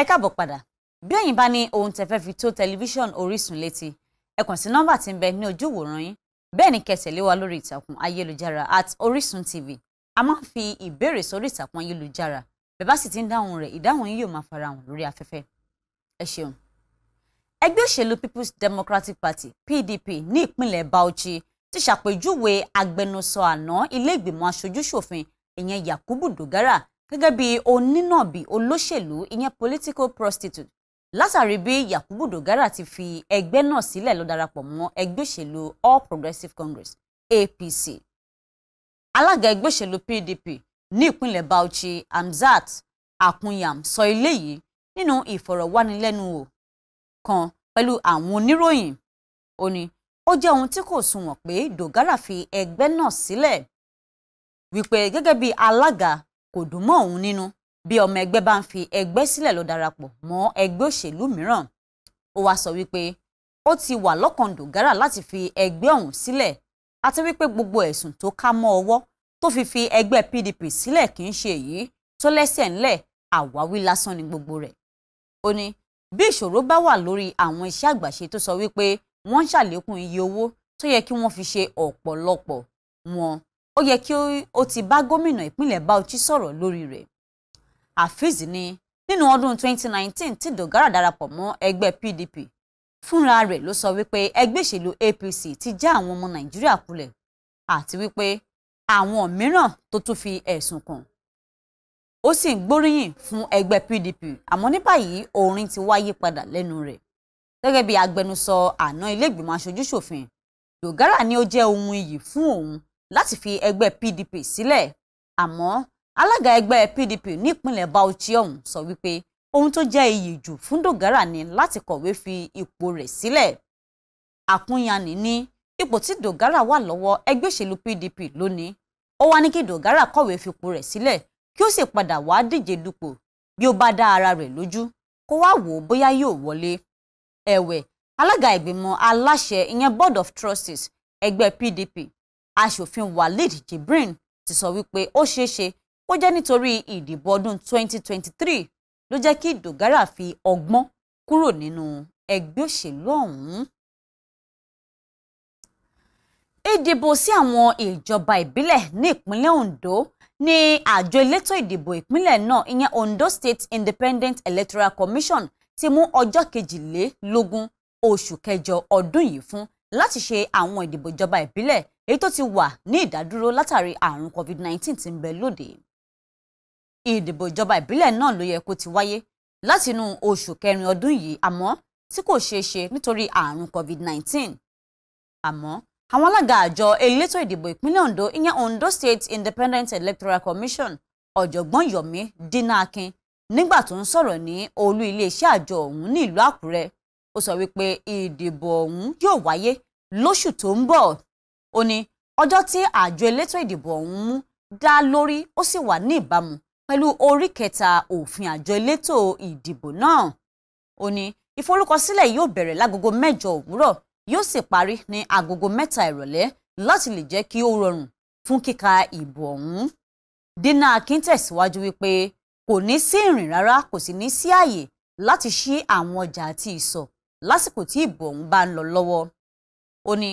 ẹ káàbọ̀ padà bí ẹ̀yin bá ní ohun tẹ́ fẹ́ fi tó tẹlifíṣọ̀n Orísun létí ẹ kàn sí nọ́mbà tí ń bẹ ní ojú ìwòran yín bẹ́ẹ̀ ni kẹtẹ̀lé wa lórí ìtàkùn ayélujára at Orísun TV a máa ń fi ìbéèrè sórí ìtàkùn ayélujára bẹ́ẹ̀ bá sì ti ń dáhùn rẹ̀ ìdáhùn yín yóò máa farahàn lórí afẹ́fẹ́ ẹ ṣeun. ẹgbẹ́ òṣèlú People's Democratic Party PDP ní ìpínlẹ̀ Bauchi ti ṣàpèjúwe agbẹnusọ àná ilé ìgbìmọ̀ aṣojúṣòfin ìyẹn Yakubu Dogara gẹ́gẹ́ bí onínàbì olóṣèlú ìyẹn political prostitute látàrí bí Yakubu Dogara ti fi ẹgbẹ́ náà sílẹ̀ lọ darapọ̀ mọ́ ẹgbẹ́ òṣèlú All Progressives Congress APC alága ẹgbẹ́ òṣèlú PDP ní ìpínlẹ̀ Bauchi amzat Akunyam sọ eléyìí nínú ìfọ̀rọ̀wánilẹ́nuwò kan pẹ̀lú àwọn oníròyìn ó ní ó jẹ́ ohun tí kò sunwọ̀n pé Dogara fi ẹgbẹ́ náà sílẹ̀ wípé gẹ́gẹ́ bí alága kò dùn mọ́ òun nínú bí ọmọ ẹgbẹ́ bá ń fi ẹgbẹ́ sílẹ̀ lọ darapọ̀ mọ́ ẹgbẹ́ òṣèlú mìíràn ó wáá sọ wípé ó ti wà lọ́kàn dògárà láti fi ẹgbẹ́ ọ̀hún sílẹ̀ àti wípé gbogbo ẹ̀sùn tó ká mọ́ ọwọ́ tó fi fi ẹgbẹ́ PDP sílẹ̀ kì í ṣe èyí tó lẹ́sẹ̀ ńlẹ̀ àwáwí lásán ni gbogbo rẹ̀ ó ní bí ìṣòro bá wà lórí àwọn iṣẹ́ àgbàṣe tó sọ wípé wọ́n ń ṣàlékún iye owó tó yẹ kí wọ́n fi ṣe ọ̀pọ̀lọpọ̀ wọn ó yẹ kí ó ti bá gómìnà ìpínlẹ̀ Bauchi sọ̀rọ̀ lórí rẹ̀ Afeez ni nínú ọdún 2019 tí Dogara darapọ̀ mọ́ ẹgbẹ́ PDP fúnra rẹ̀ ló sọ wípé ẹgbẹ́ ìṣèlú APC ti já àwọn ọmọ Nàìjíríà kulẹ̀ àti wípé àwọn mìíràn tó tún fi ẹ̀sùn kàn ó sì ń gbóríyìn fún ẹgbẹ́ PDP àmọ́ ní báyìí orin ti wáyé padà lẹ́nu rẹ̀ gẹ́gẹ́ bí agbẹnusọ àná ilé ìgbìmọ̀ aṣojú ṣòfin Dogara ni ó jẹ́ ohun iyì fún òun láti fi ẹgbẹ́ PDP sílẹ̀ àmọ́ alága ẹgbẹ́ PDP nípínlẹ̀ Bauchi ọ̀hún sọ wípé ohun tó jẹ́ iyì jù fún Dogara ni láti kọ̀wé fi ipò rẹ̀ sílẹ̀ àkúnyani ní ipò tí Dogara wà lọ́wọ́ ẹgbẹ́ òṣèlú PDP lónìí ó wá ní kí Dogara kọ̀wé fipò rẹ̀ sílẹ̀ kí ó sì padà wá díje dupò bí ó bá dá ara rẹ̀ lójú kó wá wò ó bóyá yóò wọlé ẹ̀wẹ̀ alága ìgbìmọ̀ aláṣẹ ìyẹn board of trustees ẹgbẹ́ PDP aṣòfin Waleed Jibrin ti sọ wípé ó ṣeéṣe ó jẹ́ nítorí ìdìbò ọdún 2023 ló jẹ́ kí Dogara fi ọgbọ́n kúrò nínú ẹgbẹ́ òṣèlú ọ̀hún. ìdìbò sí àwọn ìjọba ìbílẹ̀ ní ìpínlẹ̀ Ondo ní àjọ elétò ìdìbò ìpínlẹ̀ náà ìyẹn Ondo State Independent Electoral Commission ti mú ọjọ́ kejìlélógún oṣù kẹjọ ọdún yìí fún láti ṣe àwọn ìdìbò ìjọba ìbílẹ̀ èyí tó ti wà ní ìdádúró látàrí àrùn covid-19 tí ń bẹ lóde ìdìbò ìjọba ìbílẹ̀ náà ló yẹ kó ti wáyé látinú oṣù kẹrin ọdún yìí àmọ́ tí kò ṣeé ṣe nítorí àrùn covid-19 àmọ́ àwọn alága àjọ elétò ìdìbò ìpínlẹ̀ Ondo ìyẹn Ondo State Independent Electoral Commission ọ̀jọ̀gbọ́n Yomi Dinakin nígbà tó ń sọ̀rọ̀ ní olú iléeṣẹ́ àjọ ọ̀hún ní ìlú Àkúrẹ́ ó sọ wípé ìdìbò ọ̀hún yóò wáyé lóṣù tó ń bọ̀ ó ní ọjọ́ tí àjọ elétò ìdìbò ọ̀hún mú dá lórí ó sì wà ní ìbámu pẹ̀lú orí kẹta òfin àjọ elétò ìdìbò náà ó ní ìforúkọsílẹ̀ yóò bẹ̀rẹ̀ lágogo mẹ́jọ òwúrọ̀ yóò sì parí ní agogo mẹ́ta ìrọ̀lẹ́ láti lè jẹ́ kí ó rọrùn fún kíka ìbò ọ̀hún dínà akin tẹ̀síwájú wípé kò ní sí ìrìn rárá kò sì ní sí àyè láti ṣí àwọn ọjà àti ìsọ̀ lásìkò tí ìbò ọ̀hún bá ń lọ lọ́wọ́ ó ní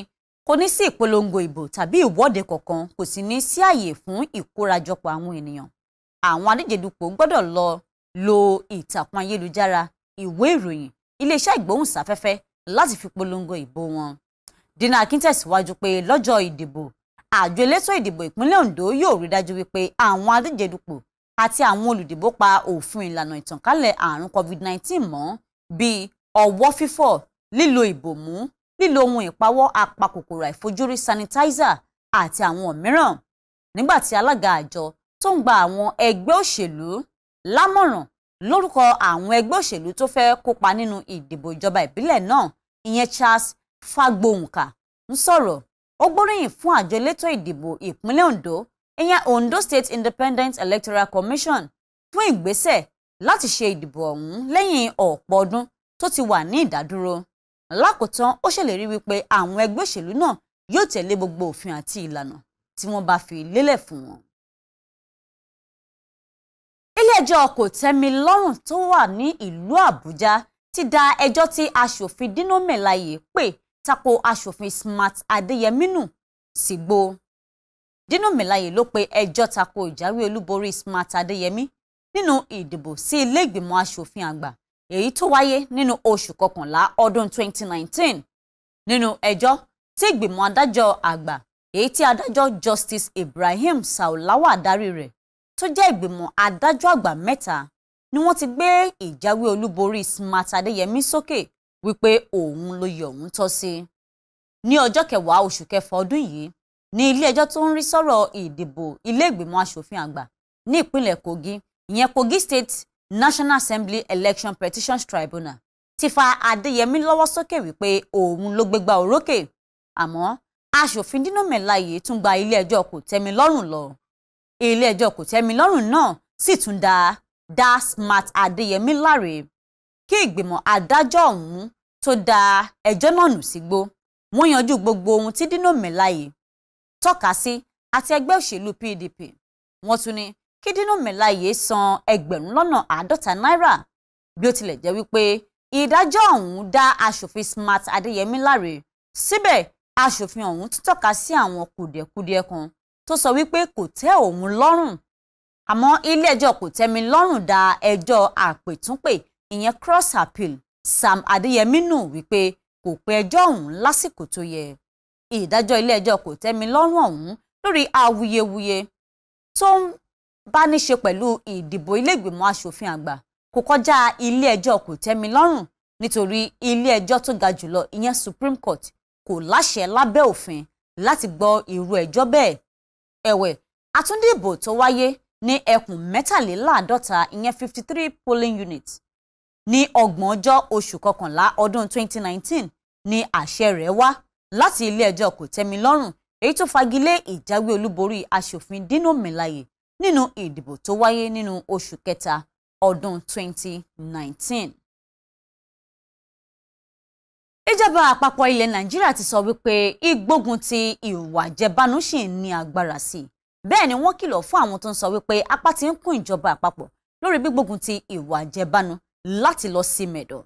kò ní sí ìpolongo ìbò tàbí ìwọ́de kankan kò sì ní sí àyè fún ìkórajọpọ̀ àwọn ènìyàn àwọn adíjedupò gbọ́dọ̀ lọ lo ìtàkùn ayélujára ìwé ìròyìn iléeṣẹ́ ìgbóhùnsáfẹ́fẹ́ láti fi polongo ìbò wọn Dina Akin tẹ̀síwájú pé lọ́jọ́ ìdìbò àjọ elétò ìdìbò ìpínlẹ̀ Ondo yóò rí dájú wípé àwọn adíjedupò àti àwọn olùdìbò pa òfin ìlànà ìtànkálẹ̀ àrùn COVID-19 mọ́ bíi ọwọ́ fífọ̀ lílo ìbòmú lílo ohun ìpawọ́ apakòkòrò àìfojúrí sanitizer àti àwọn mìíràn nígbà tí alága àjọ tó ń gba àwọn ẹgbẹ́ òṣèlú lámọ̀ràn lórúkọ àwọn ẹgbẹ́ òṣèlú tó fẹ́ kópa nínú ìdìbò ìjọba ìbílẹ̀ náà ìyẹn Charles Fagbohunka ń sọ̀rọ̀ ó gbóríyìn fún àjọ elétò ìdìbò ìpínlẹ̀ Ondo ìyẹn Ondo State Independent Electoral Commission fún ìgbésẹ̀ láti ṣe ìdìbò ọ̀hún lẹ́yìn ọ̀pọ̀ ọdún tó ti wà ní ìdádúró lákòótán ó ṣèlérí wípé àwọn ẹgbẹ́ òṣèlú náà yóò tẹ̀lé gbogbo òfin àti ìlànà tí wọ́n bá fi lélẹ̀ fún wọn. ilé-ẹjọ́ kòtẹ́milọ́rùn tó wà ní ìlú àbújá ti da ẹjọ́ tí aṣòfin dino pè tako aṣòfin smart adéyẹmí nù sígbó. dino melaye ló pe ẹjọ́ tako ìjáwé olúborí smart adéyẹmí nínú ìdìbò sí ilé ìgbìmọ̀ aṣòfin àgbà èyí tó wáyé nínú oṣù kọkànlá ọdún 2019 nínú ẹjọ́ tí ìgbìmọ̀ adájọ́ àgbà èyí tí adájọ́ Justice Ibrahim Saulawa darí rẹ̀ tó jẹ́ ìgbìmọ̀ adájọ́ àgbà mẹ́ta ni wọ́n ti gbé ìjáwé olúborí Smart Adéyẹmí sókè wípé òun ló yẹ òun tọ́ sí. ní ọjọ́ kẹwàá oṣù kẹfà ọdún yìí ní ilé-ẹjọ́ tó ń rí sọ̀rọ̀ ìdìbò ilé ìgbìmọ̀ asòfin àgbà ní ìpínlẹ̀ Kogi ìyẹn Kogi State National Assembly Election Petitions Tribunal ti fa Adéyẹmí lọ́wọ́ sókè wípé òun ló gbégbá orókè àmọ́ aṣòfin Dino Melaye tún gba ilé-ẹjọ́ kòtẹ́milọ́rùn lọ ilé-ẹjọ́ kòtẹ́milọ́rùn náà sì tún dá dá Smart Adéyẹmí láre kí ìgbìmọ̀ adájọ́ ọ̀hún tó dá ẹjọ́ náà nù sígbó wọ́n yanjú gbogbo ohun tí Dino Melaye tọ́ka sí àti ẹgbẹ́ òṣèlú PDP wọ́n tún ní Kídínúmi Láyè san ẹgbẹ̀rún lọ́nà àádọ́ta náírà bí ó tilẹ̀ jẹ́ wípé ìdájọ́ ọ̀hún dá aṣòfin Smart Adéyẹmí láre síbẹ̀ aṣòfin ọ̀hún tún tọ́ka sí àwọn kùdìẹ̀kudiẹ kan tó sọ wípé kò tẹ́ òun lọ́rùn àmọ́ ilé-ẹjọ́ kò tẹ́mi lọ́rùn dá ẹjọ́ àpètúnpè ìyẹn cross appeal Sam Adéyẹmí nù wípé kò pé ẹjọ́ ọ̀hún lásìkò tó yẹ ìdájọ́ ilé-ẹjọ́ kò tẹ́mi lọ́rùn ọ̀hún lórí awuyewuye tó ń bá ní ṣe pẹ̀lú ìdìbò iléègbìmọ̀ asòfin àgbà kò kọjá ilé ẹjọ́ kò tẹ́mi lọ́rùn nítorí ilé ẹjọ́ tó ga jùlọ ìyẹn Supreme Court kò láṣẹ lábẹ́ òfin láti gbọ́ irú ẹjọ́ bẹ́ẹ̀ ẹ̀wẹ̀ àtúndìbò tó wáyé ní ẹkùn mẹ́tàléláàádọ́ta ìyẹn fifty three polling units ní ọgbọ̀n ọjọ́ oṣù kọkànlá ọdún twenty nineteen ni àṣẹ rẹ̀ wá láti ilé ẹjọ́ kò tẹ́mi lọ́rùn èyí tó fagilé ìjáwé olúborí aṣòfin Dino Melaye nínú ìdìbò tó wáyé nínú oṣù kẹta ọdún 2019. ìjọba àpapọ̀ ilẹ̀ nàìjíríà ti sọ wípé ìgbógun ti ìwà jẹbánu ṣì ń ní agbára sí i bẹ́ẹ̀ ni wọ́n kìlọ̀ fún àwọn tó ń sọ wípé apá ti ń kún ìjọba àpapọ̀ lórí gbígbógun ti ìwà jẹbánu láti lọ sí mẹ̀dọ̀.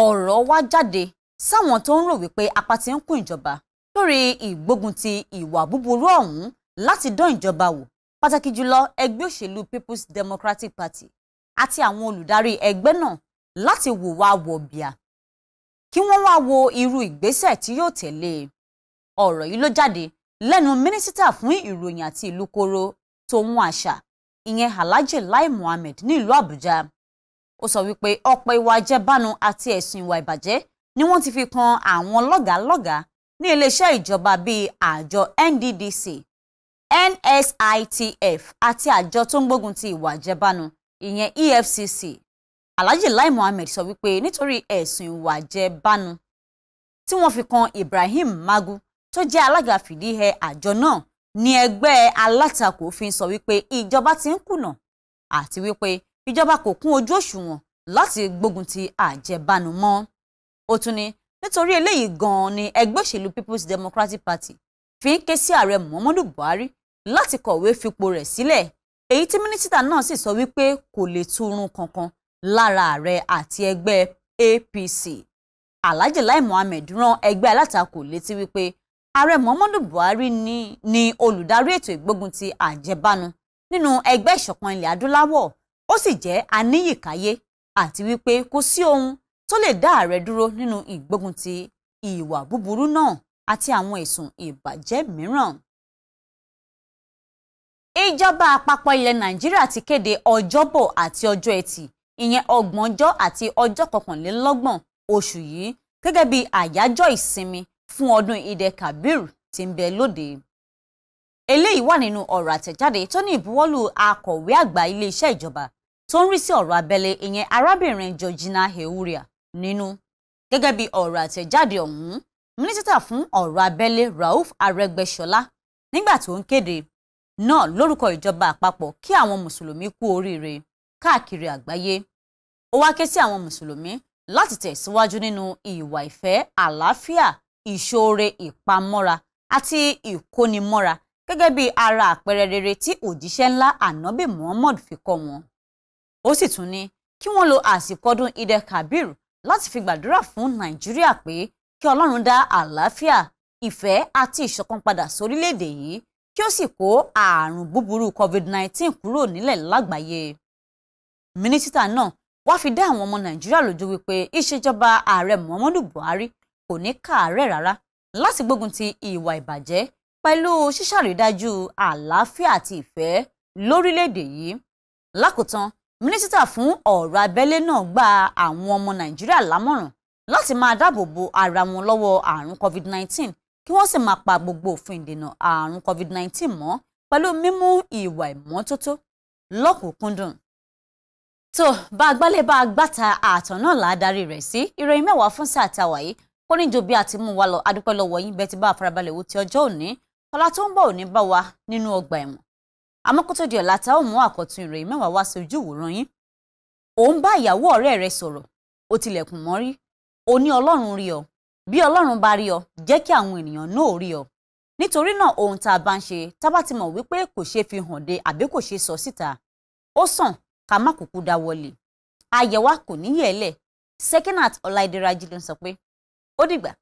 ọ̀rọ̀ wá jáde sáwọn tó ń rò wípé apá ti ń kún ìjọba lórí ìgbógun ti ìwà búburú ọ̀hún láti dán ìjọba wò pàtàkì jùlọ ẹgbẹ́ òṣèlú People's Democratic Party àti àwọn olùdarí ẹgbẹ́ náà láti wùwà wọ̀bìà kí wọ́n wá wo irú ìgbésẹ̀ tí yóò tẹ̀lé ọ̀rọ̀ yìí ló jáde lẹ́nu mínísítà fún ìròyìn àti ìlúkoro tòun àṣà ìyẹn Alhaji Lai Muhammed ní ìlú Àbújá ó sọ wípé ọ̀pọ̀ ìwà àjẹbánu àti ẹ̀sùn ìwà ìbàjẹ́ ni wọ́n ti fi kan àwọn lọ́gàálọ́gàá ní iléeṣẹ́ ìjọba bíi àjọ NDDC NSITF àti àjọ tó ń gbógun ti ìwà àjẹbánu ìyẹn EFCC Alhaji Lai Mohammed sọ wípé nítorí ẹ̀sùn ìwà àjẹbánu tí wọ́n fi kan Ibrahim Magu tó jẹ́ alága fìdíhẹ àjọ náà ni ẹgbẹ́ alátakò fi ń sọ wípé ìjọba ti ń kùnà àti wípé ìjọba kò kún ojú òṣùwọ̀n láti gbógun ti àjẹbánu mọ́ ó tún ní nítorí eléyìí gan ni ẹgbẹ́ òṣèlú People's Democratic Party fi ń ké sí ààrẹ Muhammadu Buhari láti kọ̀wé fipò rẹ̀ sílẹ̀ èyí tí mínísítà náà sì sọ wípé kò lè túrun kankan lára ààrẹ àti ẹgbẹ́ APC Alhaji Lai Mohammed rán ẹgbẹ́ alátakò létí wípé ààrẹ Muhammadu Buhari ni, ni olùdarí ètò ìgbógun ti àjẹbánu nínú ẹgbẹ́ ìṣọ̀kan ilẹ̀ adúláwọ̀ ó sì jẹ́ aníyìkáyé àti wípé kò sí ohun tó lè dá ààrẹ dúró nínú ìgbógun ti ìwà búburú náà àti àwọn ẹ̀sùn ìbàjẹ́ mìíràn ìjọba àpapọ̀ ilẹ̀ nàìjíríà ti kéde ọjọ́bọ̀ àti ọjọ́ ẹtì ìyẹn ọgbọ̀njọ́ àti ọjọ́ kọkànlélọ́gbọ̀n oṣù yìí gẹ́gẹ́ bí àyájọ́ ìsinmi fún ọdún ìdẹ kabir tí ń bẹ lóde. eléyìí wà nínú ọ̀rọ̀ àtẹ̀jáde tó ní ìbuwọ́lù akọ̀wé àgbà iléeṣẹ́ ìjọba tó ń rí sí ọ̀rọ̀ abẹ́lé ìyẹn arábìnrin georgina heuria nínú. gẹ́gẹ́ bí ọ̀rọ̀ àtẹ̀jáde ọ̀hún mínísítà fún ọ̀rọ̀ abẹ́lé rauf arẹ́gbẹ́ṣọlá nígbà tó ń kéde náà lórúkọ ìjọba àpapọ̀ kí àwọn mùsùlùmí kú oríire káàkiri àgbáyé ó wá ké sí àwọn mùsùlùmí láti tẹ̀síwájú nínú ìwà ìfẹ́ àlàáfíà ìṣoore ìpamọ́ra àti ìkónimọ́ra gẹ́gẹ́ bí ara àpẹẹrẹ rere tí òjíṣẹ́ ńlá ànábì muhammad fi kọ́ wọn ó sì tún ní kí wọ́n lo àsìkò ọdún idẹ kabir láti fi gbàdúrà fún nàìjíríà pé kí ọlọ́run dá àlàáfíà ìfẹ́ àti ìṣọ̀kan padà sórílẹ̀ yìí kí ó sì kó ààrùn búburú covid-19 kúrò nílẹ̀ lágbàáyé mínísítà náà wá fi dá àwọn ọmọ nàìjíríà lójú wípé ìṣèjọba ààrẹ muhammadu buhari kò ní káàárẹ̀ rárá láti gbógun ti ìwà ìbàjẹ́ pẹ̀lú ṣíṣàrídájú àlàáfíà àti ìfẹ́ lórílẹ̀‐èdè yìí lákòótán mínísítà fún ọ̀rọ̀ abẹ́lé náà gba àwọn ọmọ nàìjíríà lámọ̀ràn láti máa dáàbò bo ara wọn lọ́wọ́ ààrùn covid-19 kí wọ́n sì máa pa gbogbo òfin ìdènà àrùn COVID-19 mọ́ pẹ̀lú mímú ìwà ìmọ́tótó lọ́kùnkúndùn. tó bá a gbálẹ̀ bá a gbàtà ààtọ̀ náà là á darí rẹ̀ sí ìròyìn mẹ́wàá fún sáà tá a wà yìí kó níjó bí a ti mú wa lọ adúpẹ́ lọ́wọ́ yín bẹ́ẹ̀ ti bá a farabalẹ̀ wo ti ọjọ́ òní ọlá tó ń bọ̀ òní bá wa nínú ọgbà ẹ̀wọ̀n àmọ́ di ọ̀la tá ò mú àkọ́tún ìròyìn mẹ́wàá wá sí ojú yín ò bá ìyàwó ọ̀rẹ́ rẹ sọ̀rọ̀ ó tilẹ̀kùn mọ́rí ó ní ọlọ́run rí ọ bí ọlọ́run bá rí ọ jẹ́ kí àwọn ènìyàn náà rí ọ nítorí náà ohun tá a bá ń ṣe tá a bá ti mọ̀ wípé kò ṣeé fi hàn de àbí kò ṣeé sọ síta ó sàn ká má kúkú dáwọ́lé ayẹ̀wá kò níyẹ̀ẹ́lẹ̀ Sekinat Ọláìdé Rájí ló sọ pé ó dìgbà